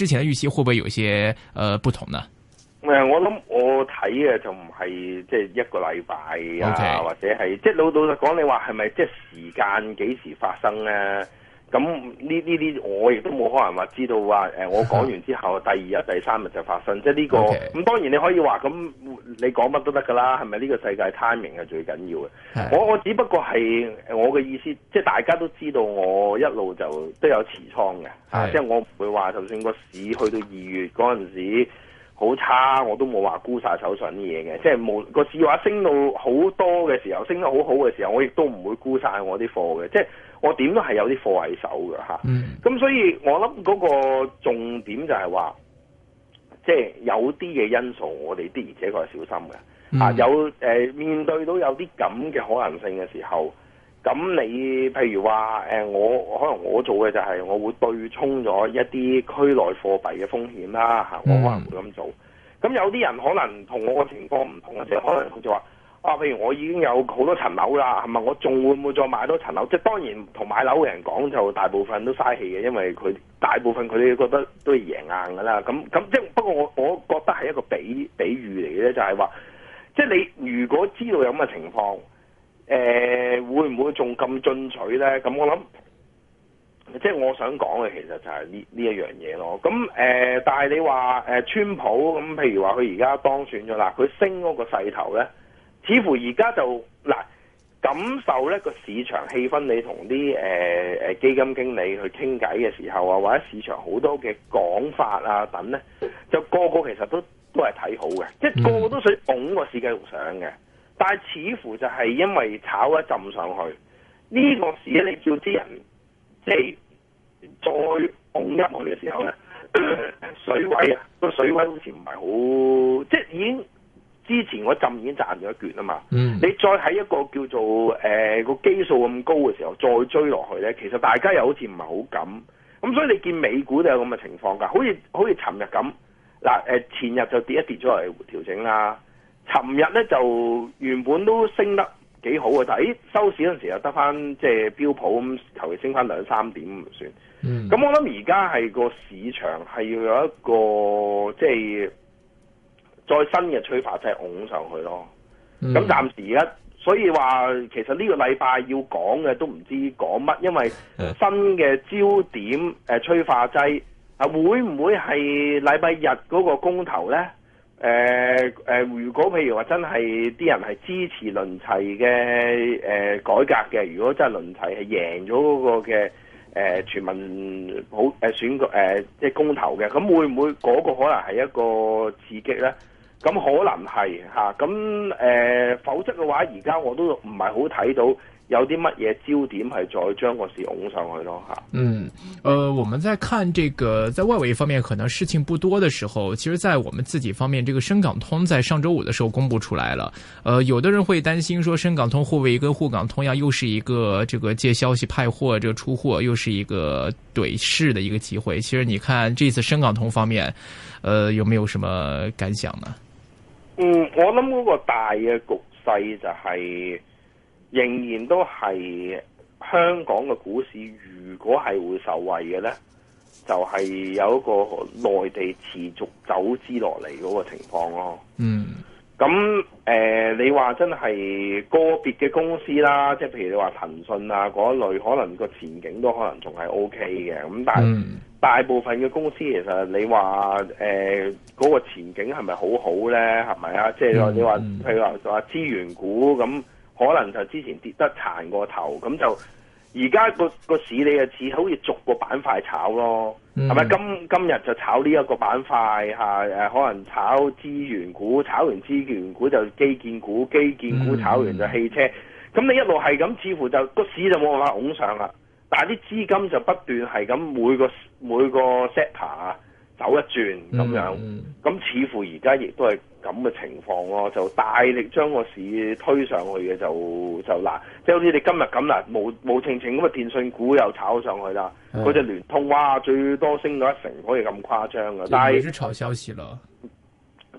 之前的預期會唔會有一些，呃、不同呢？誒，我諗我睇嘅就唔係即係一個禮拜啊，Okay. 或者係即係老老實講，你話係咪即係時間幾時發生呢？咁呢呢啲我亦都冇可能話知道話，誒我講完之後第二日第三日就發生，即係、這、呢個咁、Okay. 當然你可以話咁你講乜都得㗎啦，係咪呢個世界 timing 係最緊要嘅？我我只不過係我嘅意思，即係大家都知道我一路就都有持倉嘅，即係我唔會話就算個市去到二月嗰陣時。好差，我都冇話沽曬手上啲嘢嘅，即係冇個市話升到好多嘅時候，升得好好嘅時候，我亦都唔會沽曬我啲貨嘅，即係我點都係有啲貨喺手嘅咁、嗯、所以，我諗嗰個重點就係話，即係有啲嘅因素，我哋的而且確係小心嘅、嗯。啊，有、呃、面對到有啲咁嘅可能性嘅時候。咁你譬如話，呃，我可能我做嘅就係我會對沖咗一啲區內貨幣嘅風險啦、mm. 我可能會咁做。咁有啲人可能同我嘅情況唔同啊，即係可能就話啊，譬如我已經有好多層樓啦，係咪？我仲會唔會再買多層樓？即係當然同買樓嘅人講，就大部分都嘥氣嘅，因為佢大部分佢哋覺得都係贏硬㗎啦。咁咁即係不過我我覺得係一個比比喻嚟嘅咧，就係話即係你如果知道有咁嘅情況。誒、呃、會唔會仲咁進取呢？咁我諗，即係我想講嘅，就是、其實就係呢呢一樣嘢咯。咁誒、呃，但係你話誒、呃、川普咁，譬如話佢而家當選咗啦，佢升嗰個勢頭呢，似乎而家就嗱、呃、感受呢個市場氣氛你。你同啲誒基金經理去傾偈嘅時候啊，或者市場好多嘅講法啊等呢，就個個其實都都係睇好嘅，即係個個都想拱個市繼續上嘅。但係似乎就係因為炒一浸上去呢、這個市，你叫啲人即係再拱入去嘅時候咧， 水位啊個水位好似唔係好即係已經之前嗰浸已經賺咗一橛啊嘛。嗯、你再喺一個叫做誒個、呃、基數咁高嘅時候再追落去咧，其實大家又好似唔係好敢。咁所以你見美股都有咁嘅情況㗎，好似好似尋日咁嗱誒，前日就跌一跌咗嚟調整啦。琴日咧就原本都升得幾好嘅，但、哎、係收市嗰陣時又得翻即係標普咁，頭先升翻兩三點唔算。咁、嗯、我諗而家係個市場係要有一個即係再新嘅催化劑拱上去咯。咁、嗯、暫時而家，所以話其實呢個禮拜要講嘅都唔知講乜，因為新嘅焦點催化劑啊會唔會係禮拜日嗰個公投咧？誒、呃呃呃、如果譬如話真係啲人係支持輪齊嘅誒、呃、改革嘅，如果真係輪齊係贏咗嗰個嘅誒、呃、全民好、呃、選舉誒、呃、即係公投嘅，咁會唔會嗰個可能係一個刺激咧？咁可能係嚇，咁、啊、誒、呃，否則嘅話，而家我都唔係好睇到。有啲乜嘢焦點係再將個市拱上去咯吓？嗯，呃，我們在看這個，在外圍方面可能事情不多的時候，其實，在我們自己方面，這個深港通在上周五的時候公布出來了。呃，有的人會擔心說深港通互為跟滬港通樣又是一個這個借消息派貨，這個出貨又是一個對市的一個機會。其實，你看這次深港通方面，呃，有沒有什麼感想呢？嗯，我諗嗰個大嘅局勢就係、是。仍然都係香港嘅股市，如果係會受惠嘅呢，就係、是、有一個內地持續走資落嚟嗰個情況咯。Mm. 嗯，咁、呃、誒，你話真係個別嘅公司啦，即係譬如你話騰訊啊嗰類，可能個前景都可能仲係 OK 嘅。咁但係大部分嘅公司，其實你話誒嗰個前景係咪好好呢？係咪啊？即係你話、mm.，譬如話資源股咁。嗯可能就之前跌得殘過頭，咁就而家個，個市你就似好似逐個板塊炒咯，係、嗯、咪今今日就炒呢一個板塊、啊、可能炒資源股，炒完資源股就基建股，基建股炒完就汽車。咁、嗯、你一路係咁，似乎就個市就冇辦法拱上啦。但係啲資金就不斷係咁每個每個 set 爬走一轉咁樣，咁、嗯、似乎而家亦都係。咁嘅情況咯，就大力將個市推上去嘅就就嗱，即係好似你今日咁啦，無無情情咁啊！電訊股又炒上去啦，嗰隻、那個、聯通哇，最多升到一成，可以咁誇張嘅，但係都炒消息咯。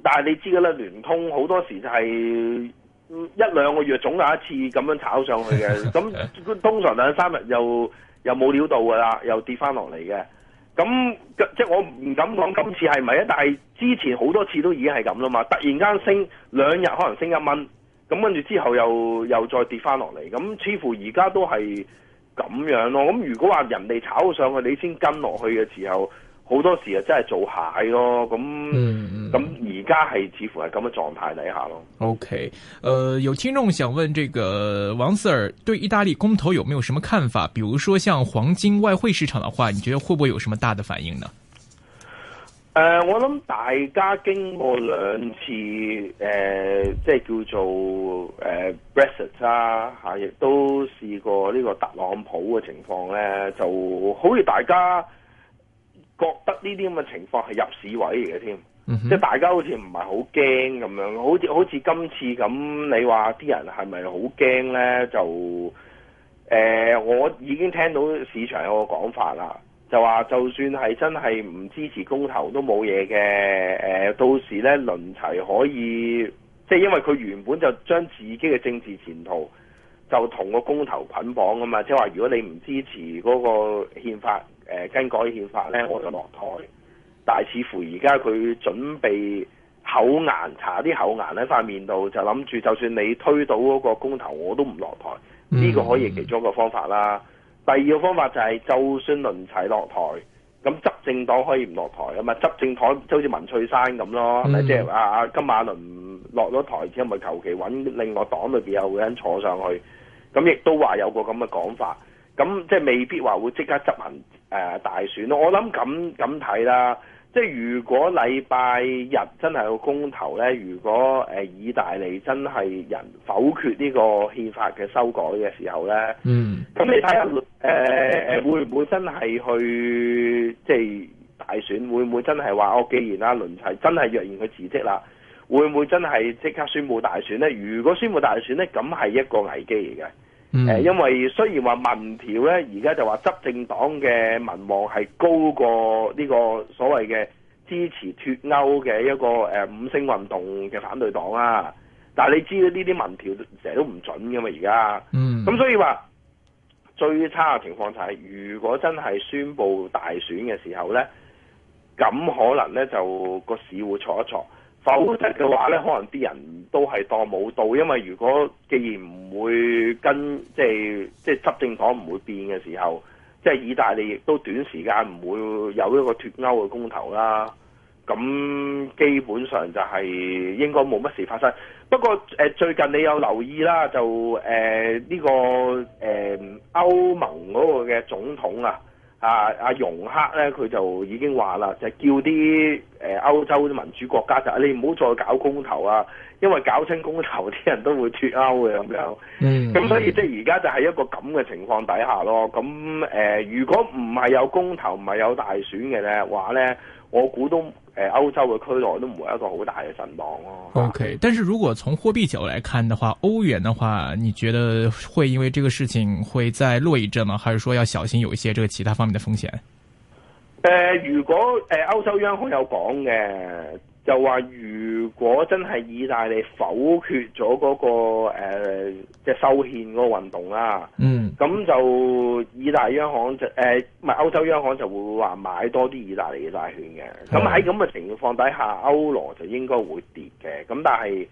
但係你知嘅咧，聯通好多時就係一兩個月總有一次咁樣炒上去嘅，咁 通常兩三日又又冇料到嘅啦，又跌翻落嚟嘅。咁即係我唔敢講今次係咪啊但係之前好多次都已經係咁啦嘛，突然間升兩日可能升一蚊，咁跟住之後又又再跌翻落嚟，咁似乎而家都係咁樣咯。咁如果話人哋炒上去，你先跟落去嘅時候。好多時啊，真係做蟹咯，咁咁而家係似乎係咁嘅狀態底下咯。OK，誒、呃，有聽眾想問，這個王 Sir 對意大利公投有沒有什麼看法？比如說，像黃金、外匯市場的話，你覺得會不會有什麼大的反應呢？誒、呃，我諗大家經過兩次誒、呃，即係叫做誒、呃、Brexit 啊，吓，亦都試過呢個特朗普嘅情況咧，就好似大家。覺得呢啲咁嘅情況係入市位嚟嘅添，即、嗯、係大家好似唔係好驚咁樣，好似好似今次咁，你話啲人係咪好驚呢？就誒、呃，我已經聽到市場有個講法啦，就話就算係真係唔支持公投都冇嘢嘅，誒、呃，到時呢，倫齊可以，即、就、係、是、因為佢原本就將自己嘅政治前途就同個公投捆綁啊嘛，即係話如果你唔支持嗰個憲法。誒、呃、跟改憲法咧，我就落台。但係似乎而家佢準備厚顏，查啲厚顏喺塊面度，就諗住就算你推到嗰個公投，我都唔落台。呢、這個可以係其中一個方法啦。第二個方法就係、是 mm -hmm. 就算輪齊落台，咁執政黨可以唔落台啊嘛？執政黨即好似文翠珊咁咯，咪、mm -hmm. 即係阿阿金馬倫落咗台之後，咪求其揾另外黨裏邊有個人坐上去，咁亦都話有個咁嘅講法。咁即係未必話會即刻執行。誒、呃、大選咯，我諗咁咁睇啦，即係如果禮拜日真係個公投咧，如果誒意、呃、大利真係人否決呢個憲法嘅修改嘅時候咧，嗯，咁你睇下輪誒誒會唔會真係去即係大選？會唔會真係話我，既然阿倫齊真係若然佢辭職啦，會唔會真係即刻宣布大選咧？如果宣布大選咧，咁係一個危機嚟嘅。誒、嗯，因為雖然話民調咧，而家就話執政黨嘅民望係高過呢個所謂嘅支持脱歐嘅一個誒五星運動嘅反對黨啦、啊，但係你知道呢啲民調成日都唔準嘅嘛，而家，嗯，咁、嗯、所以話最差嘅情況就係如果真係宣佈大選嘅時候咧，咁可能咧就個市會錯一錯，否則嘅話咧可能啲人。都係當冇到，因為如果既然唔會跟即係即係執政黨唔會變嘅時候，即係意大利亦都短時間唔會有一個脫歐嘅公投啦。咁基本上就係應該冇乜事發生。不過、呃、最近你有留意啦，就誒呢、呃呢個誒、呃、歐盟嗰個嘅總統啊啊阿、啊、容克咧，佢就已經話啦，就係、叫啲誒、呃、歐洲啲民主國家就係、你唔好再搞公投啊！因為搞清公投啲人都會脫歐嘅咁樣，咁、嗯嗯嗯、所以即係而家就係一個咁嘅情況底下咯。咁、嗯、誒、嗯嗯，如果唔係有公投，唔、嗯、係有大選嘅咧話咧、嗯，我估、呃、都誒歐洲嘅區內都唔會一個好大嘅震盪咯。O、okay, K，但是如果從貨幣角度來看嘅話，歐元嘅話，你覺得會因為這個事情會再落一陣嗎？還是說要小心有一些這個其他方面嘅風險？誒、呃，如果誒、呃、歐洲央行有講嘅。就話如果真係意大利否決咗嗰、那個誒、呃、即係修憲個運動啦、啊，嗯，咁就意大央行就誒唔係、呃、歐洲央行就會話買多啲意大利嘅債券嘅。咁喺咁嘅情況底下，歐羅就應該會跌嘅。咁但係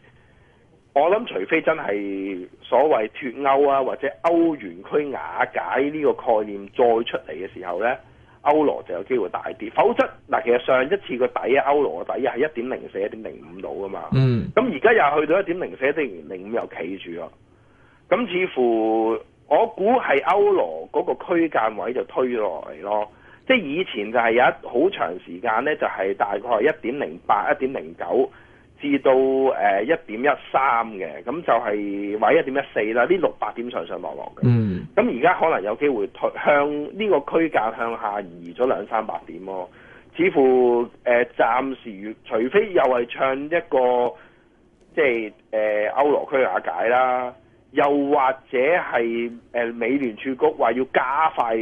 我諗，除非真係所謂脫歐啊或者歐元區瓦解呢個概念再出嚟嘅時候咧。歐羅就有機會大啲，否則嗱，其實上一次個底歐羅嘅底係一點零四、一點零五度啊嘛，嗯，咁而家又去到一點零四、一點零五又企住咯，咁似乎我估係歐羅嗰個區間位就推落嚟咯，即係以前就係有一好長時間咧，就係大概係一點零八、一點零九。至到誒一點一三嘅，咁、呃、就係位一點一四啦。呢六百點上上落落嘅，咁而家可能有機會向呢個區間向下移咗兩三百點咯、哦。似乎誒暫、呃、時，除非又係唱一個即係誒、呃、歐羅區瓦解啦。又或者係誒、呃，美聯儲局話要加快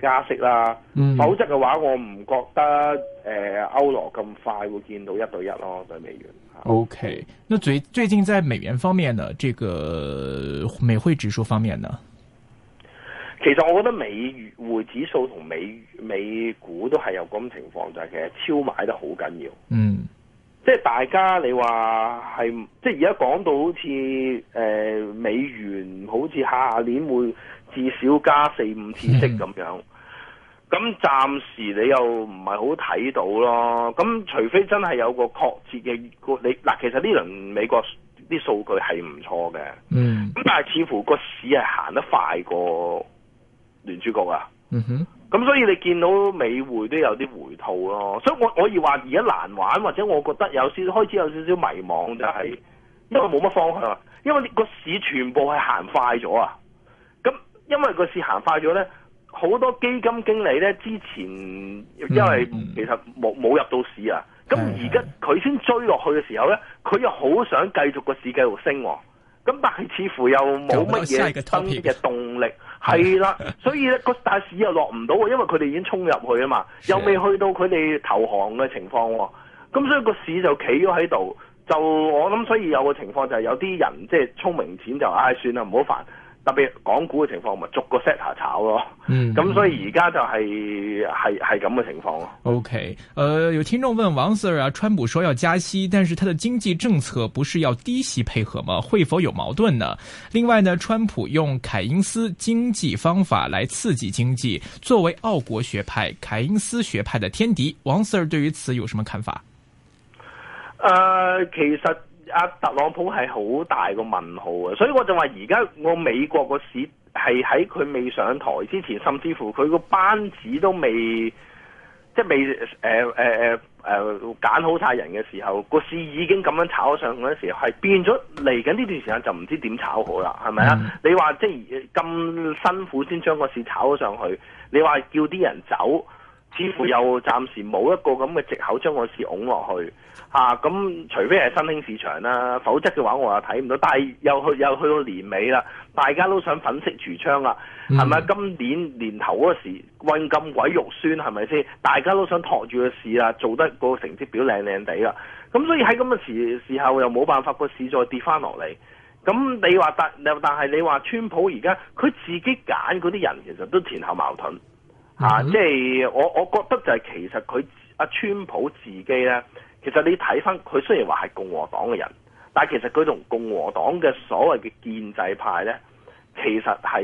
加息啦、嗯，否則嘅話我唔覺得誒，歐羅咁快會見到一對一咯對美元。OK，最最近在美元方面呢？這個美匯指數方面呢？其實我覺得美匯指數同美美股都係有咁情況，就係、是、其實超買得好緊要。嗯。即係大家你話係，即係而家講到好似誒、呃、美元，好似下年會至少加四五次息咁樣。咁 暫時你又唔係好睇到咯。咁除非真係有個確切嘅，你嗱，其實呢輪美國啲數據係唔錯嘅。嗯。咁但係似乎個市係行得快過聯儲局啊。嗯哼。咁所以你見到美匯都有啲回吐咯，所以我我以話，而家難玩，或者我覺得有少少開始有少少迷茫，就係因為冇乜方向，因為個市全部係行快咗啊！咁因為個市行快咗咧，好多基金經理咧之前因為其實冇冇入到市啊，咁而家佢先追落去嘅時候咧，佢又好想繼續個市繼續升，咁但係似乎又冇乜嘢新嘅動力。係 啦，所以咧個大市又落唔到喎，因為佢哋已經衝入去啊嘛，又未去到佢哋投降嘅情況，咁所以個市就企咗喺度。就我諗，所以有個情況就係有啲人即係、就是、聰明錢就唉、哎、算啦，唔好煩。特別港股嘅情況，咪逐個 set 炒咯。咁、嗯、所以而家就係係係咁嘅情況咯。OK，呃，有聽眾問王 Sir 啊，川普說要加息，但是他的經濟政策不是要低息配合嗎？會否有矛盾呢？另外呢，川普用凱恩斯經濟方法來刺激經濟，作為奧國學派凱恩斯學派的天敵，王 Sir 對於此有什麼看法？誒、呃，其實。阿特朗普係好大個問號啊，所以我就話而家我美國個市係喺佢未上台之前，甚至乎佢個班子都未即係未誒、誒、誒、誒、揀好晒人嘅時候，個市已經咁樣炒上去嗰陣時候，係變咗嚟緊呢段時間就唔知點炒好啦，係咪啊？你話即係咁辛苦先將個市炒咗上去，你話叫啲人走？ 似乎又暫時冇一個咁嘅藉口將個市擁落去咁、啊、除非係新興市場啦，否則嘅話我又睇唔到。但係又去又去到年尾啦，大家都想粉飾櫥窗啦，係咪、嗯？今年年頭嗰時運咁鬼肉酸係咪先？大家都想托住個市啊，做得個成績表靚靚地啦。咁所以喺咁嘅時時候又冇辦法個市再跌翻落嚟。咁你話但，但你話但係你話川普而家佢自己揀嗰啲人其實都前後矛盾。Uh -huh. 啊！即、就、係、是、我，我覺得就係其實佢阿、啊、川普自己咧，其實你睇翻佢雖然話係共和黨嘅人，但係其實佢同共和黨嘅所謂嘅建制派咧，其實係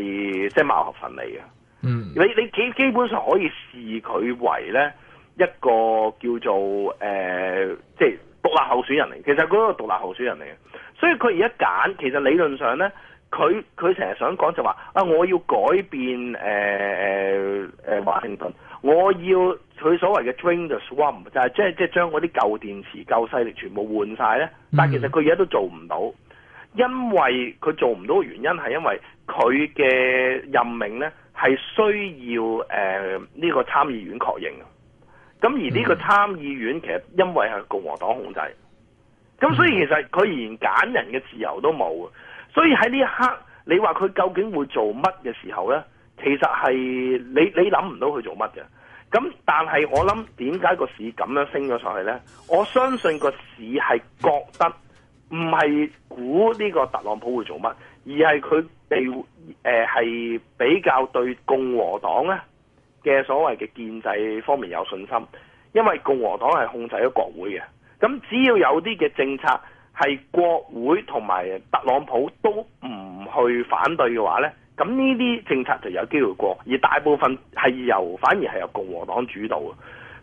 即係貌合神離嘅。嗯、uh -huh.，你你基基本上可以視佢為咧一個叫做誒，即、呃、係、就是、獨立候選人嚟。其實佢係獨立候選人嚟嘅，所以佢而家揀，其實理論上咧。佢佢成日想講就話啊，我要改變誒誒誒華盛頓，我要佢所謂嘅 drain the swamp，就係即係即係將嗰啲舊電池、舊勢力全部換晒咧。但係其實佢而家都做唔到，因為佢做唔到嘅原因係因為佢嘅任命咧係需要誒呢個參議院確認嘅。咁而呢個參議院其實因為係共和黨控制，咁所以其實佢連揀人嘅自由都冇。所以喺呢一刻，你話佢究竟會做乜嘅時候呢？其實係你你諗唔到佢做乜嘅。咁但係我諗點解個市咁樣升咗上去呢？我相信個市係覺得唔係估呢個特朗普會做乜，而係佢哋誒係比較對共和黨咧嘅所謂嘅建制方面有信心，因為共和黨係控制咗國會嘅。咁只要有啲嘅政策。係國會同埋特朗普都唔去反對嘅話呢咁呢啲政策就有機會過。而大部分係由反而係由共和黨主導嘅，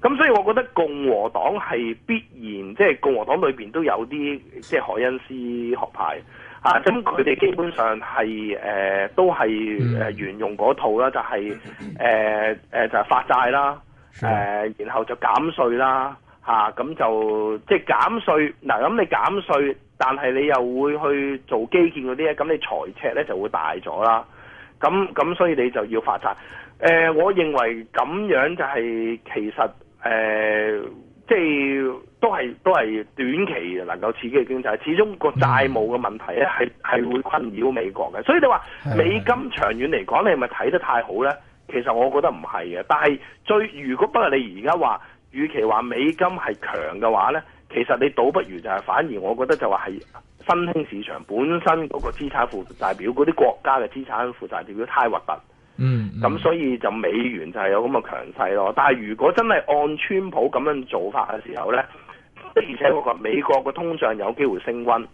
咁所以我覺得共和黨係必然即係共和黨裏邊都有啲即係凱恩斯學派嚇，咁佢哋基本上係誒、呃、都係誒沿用嗰套啦，就係誒誒就係、是、發債啦，誒、呃、然後就減稅啦。啊，咁就即係減稅嗱，咁你減稅，但係你又會去做基建嗰啲咧，咁你財赤咧就會大咗啦。咁咁所以你就要發債。誒、呃，我認為咁樣就係、是、其實誒，即、呃、係、就是、都係都係短期能夠刺激經濟，始終個債務嘅問題咧係係會困擾美國嘅。所以你話美金長遠嚟講，你係咪睇得太好咧？其實我覺得唔係嘅。但係最，如果不過你而家話。與其說美是，的話美金係強嘅話呢，其實你倒不如就係反而，我覺得就話係新興市場本身嗰個資產負債表嗰啲國家嘅資產負債表太核突。嗯，咁、嗯、所以就美元就係有咁嘅強勢咯。但係如果真係按川普咁樣做法嘅時候呢，而且嗰個美國嘅通脹有機會升溫、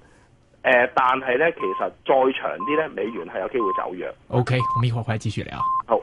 呃，但係呢，其實再長啲呢，美元係有機會走弱。OK，我們一會兒會繼續啊。好。